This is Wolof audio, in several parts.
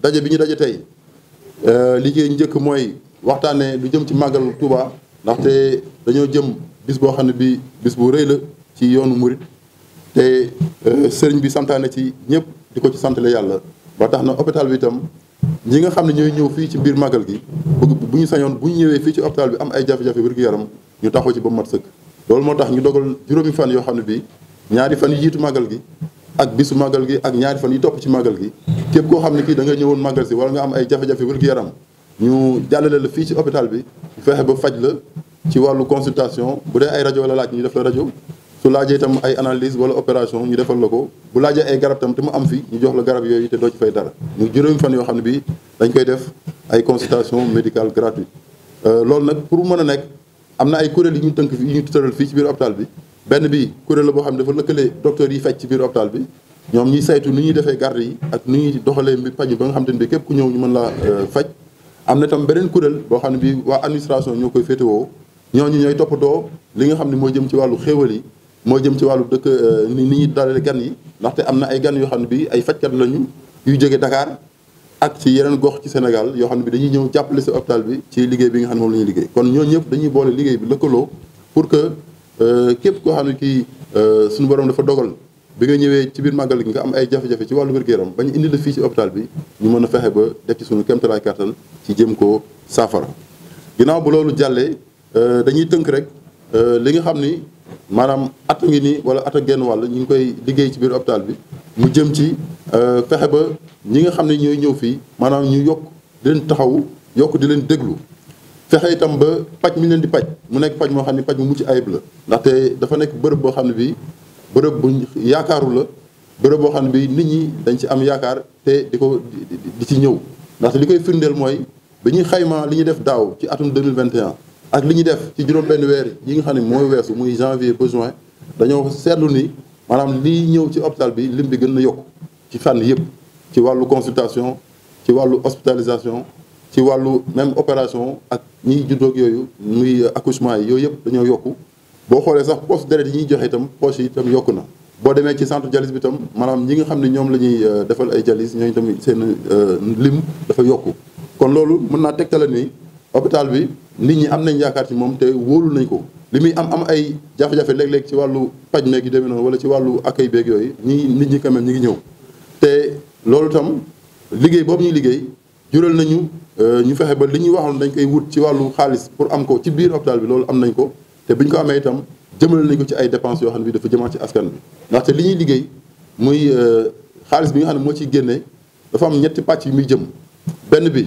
daje bi ñu daje tey euh, liggéey njëkk mooy waxtaanee lu jëm ci màggal Touba ndaxte dañoo jëm bis boo xam ne bi bis bu rëy la ci yoonu murit te euh, sëriñ bi santaane ci ñëpp di ko ci santale yàlla ba tax na hôpital bi itam ñi nga xam ne ñooy ñëw fii ci biir màggal gi bu ñu sañoon bu ñëwee fii ci hôpital bi am ay jafe-jafe yaram ñu taxaw ci ba mat sëkk loolu moo tax ñu dogal juróomi fan yoo xam ne bi ñaari fan yu jiitu màggal gi ak bisu màggal gi ak ñaari fan yu topp ci màggal gi képp koo xam ne kii da nga ñëwoon màggal si wala nga am ay jafe-jafe wér-gu-yaram ñu jàllale la fii ci hôpital bi fexe ba faj la ci wàllu consultation bu dee ay rajo la laaj ñu def la rajo su laajee itam ay analyse wala opération ñu defal la ko bu laajee ay garab tam te mu am fi ñu jox la garab yooyu te doo ci fay dara ñu juróomi fan yoo xam ne bii dañ koy def ay consultation médicale gratuite euh, loolu nag pour mën a nekk am na ay kuréel yu ñu tënk fi yu ñu fii ci biir bi benn bi kuréel la boo xam ne dafa lëkkale docteur yi faj ci biir bi ñoom ñuy saytu nu ñuy defee garde yi ak nu ñuy doxalee mbi paju ba nga xam te ne bi képp ku ñëw ñu man la euh, faj am na tam beneen kuréel boo xam ne bi waa administration ñoo koy féetewoo ñooñu ñooy toppatoo li nga xam ne moo jëm ci wàllu xéewal yi moo jëm ci wàllu dëkk euh, ni ñuy dalale gan yi ndaxte am na ay gan yoo xam ne bi ay fajkat lañu yu jóge dakaar ak ci yeneen gox ci Sénégal yoo xam ne bi dañuy ñëw jàppale si hôpital bi ci liggéey bi nga xam ne moom la ñuy liggéey kon ñoo ñëpp dañuy boole liggéey bi lëkkaloo pour que euh, képp koo xam ne kii suñu borom dafa dogal bi nga ñëwee ci biir màggal gi nga am ay jafe-jafe ci wàllu wér-gu-yaram ba ñu indi la fii ci hôpital bi ñu mën a fexe ba def ci suñu kéemtalaay kàttan ci jëm koo saafara ginnaaw bu loolu jàllee euh, dañuy tënk rek euh, li nga xam ni maanaam at ngi nii wala at a genn wàll ñu ngi koy liggéey ci biir hôpital bi mu jëm ci euh, fexe ba ñi nga xam ne ñooy ñëw fii maanaam ñu yokk di leen taxaw yokk di leen déglu fexe itam ba paj mi leen di paj mu nekk paj moo xam ne paj mu mucc ayib la ndaxte dafa nekk bërëb boo xam ne bii bërëb bu yaakaaru la bërëb boo xam ne bi nit ñi dañ ci am yaakaar te di ko di ci ñëw ndaxte li koy firndeel mooy bi ñuy xayma li ñuy def daaw ci atum 2021 ak li ñuy def ci juróom-benn weer ñi nga xam ne mooy weesu muy janvier ba juin dañoo seetlu ni maanaam liy ñëw ci hôpital bi lim bi gën na yokk ci fànn yëpp ci wàllu consultation ci wàllu hospitalisation ci wàllu même opération ak ñuy juddoog yooyu muy accouchement yooyu yëpp dañoo yokku boo xoolee sax poche deret yi ñuy joxe itam poche yi itam yokku na boo demee ci centre dialyse bi itam maanaam ñi nga xam ne ñoom la ñuy euh, defal ay dialyse ñooñu itam seen euh, lim dafa yokk kon loolu mën naa tegtale ni hôpital bi nit ñi am nañ yaakaar ci moom te wóolu nañ ko li muy am am ay jafe-jafe léeg-léeg ci wàllu paj meeg yu demee noonu wala ci wàllu accueil beeg yooyu ñi nit ñi quand même ñi ngi ñëw te loolu itam liggéey boobu ñuy liggéey jural nañu euh, ñu fexe ba li ñuy waxoon dañ koy wut ci wàllu xaalis pour am ko ci biir hôpital bi loolu am nañ ko te bu ñu ko amee itam jëm nañ ko ci ay dépenses yoo xam ne bi dafa jëmaat ci askan bi ndaxte li ñuy liggéey muy euh, xaalis bi nga xam ne moo ciy génnee dafa am ñetti pàcc yu muy jëm benn bi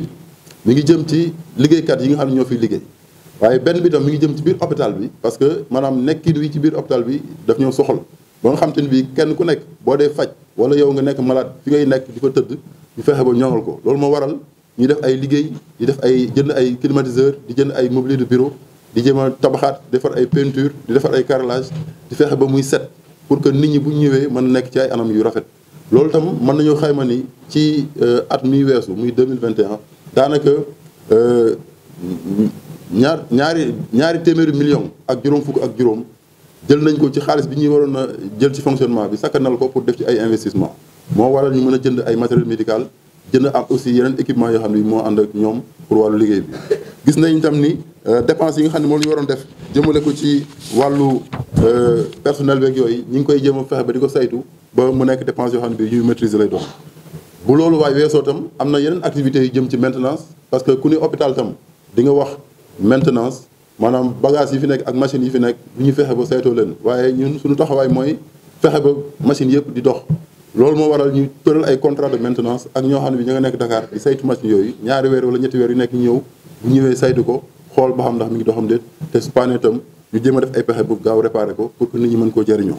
mu ngi jëm ci liggéeykat yi nga xam ne ñoo fiy liggéey waaye benn bi tam mi ngi jëm ci biir hôpital bi parce que maanaam nekkin wi ci biir hôpital bi daf ñoo soxal ba nga xam te ni bii kenn ku nekk boo dee faj wala yow nga nekk malaat fi ngay nekk di ko tëdd ñu fexe ba ñoŋal ko loolu moo waral ñu def ay liggéey di def ay jënd ay climatiseur di jënd ay mobilier de di jéem a tabaxaat defar ay peinture di defar ay carrelage di fexe ba muy set pour que nit ñi bu ñëwee mën nekk ci ay anam yu rafet. loolu tam mën nañoo xayma ni ci euh, at mi weesu muy mille 2021 daanaka euh, ñaar ñaari ñaari téeméeri million ak juróom fukk ak juróom jël nañ ko ci xaalis bi ñuy waroon a jël ci fonctionnement bi sàkk nal ko pour def ci ay investissement moo waral ñu mën a jënd ay matériel médical jënd am aussi yeneen équipement yoo xam ne moo ànd ak ñoom pour wàllu liggéey bi gis nañ tam ni euh, dépense yi nga xam ne moom la ñu waroon def jëmale ko ci wàllu euh, personnel beeg yooyu ñu ngi koy jéem a fexe ba di ko saytu ba mu nekk dépense yoo xam ne bi ñuy maîtriser lay bu loolu waaye weesoo tam am na yeneen yu jëm ci maintenance parce que ku ne hôpital tam di nga wax maintenance maanaam bagage yi fi nekk ak machine yi fi nekk bu ñu fexe ba saytoo leen waaye ñun suñu taxawaay mooy fexe ba machine yëpp di dox loolu moo waral ñu tëral ay contrat de maintenance ak ñoo xam ne bi ñoo nga nekk Dakar di saytu machine yooyu ñaari weer wala ñetti weer yu nekk ñu ñëw bu ñëwee saytu ko xool ba xam ndax mi ngi doo xam déet te su paanee itam ñu jéem a def ay pexe bu gaaw réparé ko pour que nit ñi mën koo jëriñoo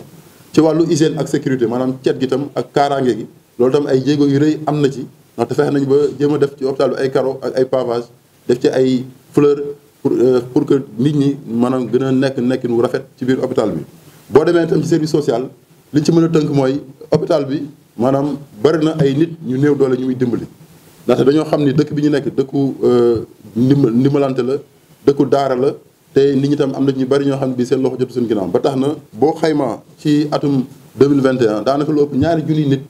ci wàllu hygiène ak sécurité maanaam cet gi tam ak kaaraange gi loolu tam ay jéego yu am na ci ndax te fexe nañu ba jéem a def ci hôpital ay carreaux ak ay pavage def ci ay fleur pour euh, pour que nit ñi maanaam gën a nekk nekkin wu rafet ci biir hôpital bi boo demee itam ci service social li ci mën a tënk mooy hôpital bi maanaam bari na ay nit ñu néew doole ñu muy dimbali ndaxte dañoo xam ni dëkk bi ñu nekk dëkku euh, ndimbal ndimbalante la dëkku daara la te nit ñi tam am na ñu bari ñoo xam ne bii seen loxo jotu seen ginnaaw ba tax na boo xaymaa ci atum 2021 daanaka lu ëpp ñaari junniy nit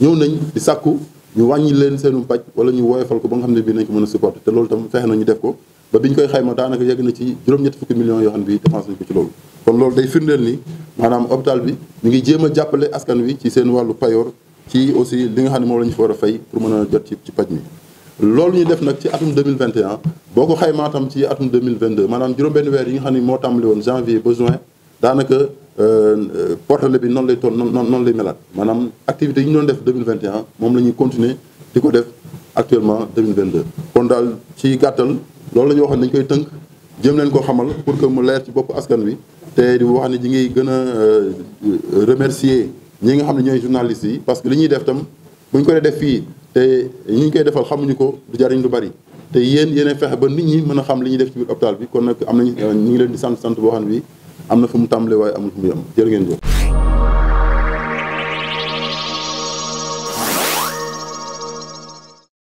ñëw nañ di sàkku ñu wàññi leen seenu paj wala ñu woyofal ko ba nga xam ne bii nañ ko mën a supporter te loolu tam fexe na ñu def ko ba biñ koy xayma daanaka yegg na ci juróom-ñetti fukki millions yoo xam bi dépense nañ ko ci loolu kon loolu day firndeel ni maanaam hôpital bi ñu ngi jéem a jàppale askan wi ci seen wàllu payoor ci aussi li nga xam ne moom la ñu fa war a fay pour mën a jot ci ci paj mi loolu ñu def nag ci atum 2021 boo ko xaymaa tam ci atum 2022 maanaam juróom-benn weer yi nga xam ne moo tàmbali woon janvier ba juin daanaka euh, portale bi noonu lay toll noonu noonu melaat maanaam activité yi ñu doon def 2021 moom la ñuy continuer di ko def actuellement 2022 kon daal ci gàttal loolu la ñu waxoon dañ koy tënk jëm leen ko xamal pour que mu leer ci bopp askan wi te di wax ne ji ngi gën a euh, remercier ñi nga xam ne ñooy journalistes yi parce que li ñuy def tam bu ñu ko def fii te ñu ñu koy defal xamuñu ko du jariñ lu bari te yéen yéen fexe ba nit ñi mën a xam li ñu def ci biir bi kon nag am nañu euh, ñu ngi leen di sant sant boo xam ne bi am na fu mu tàmbalee waaye amul fu mu yem jël ngeen jëf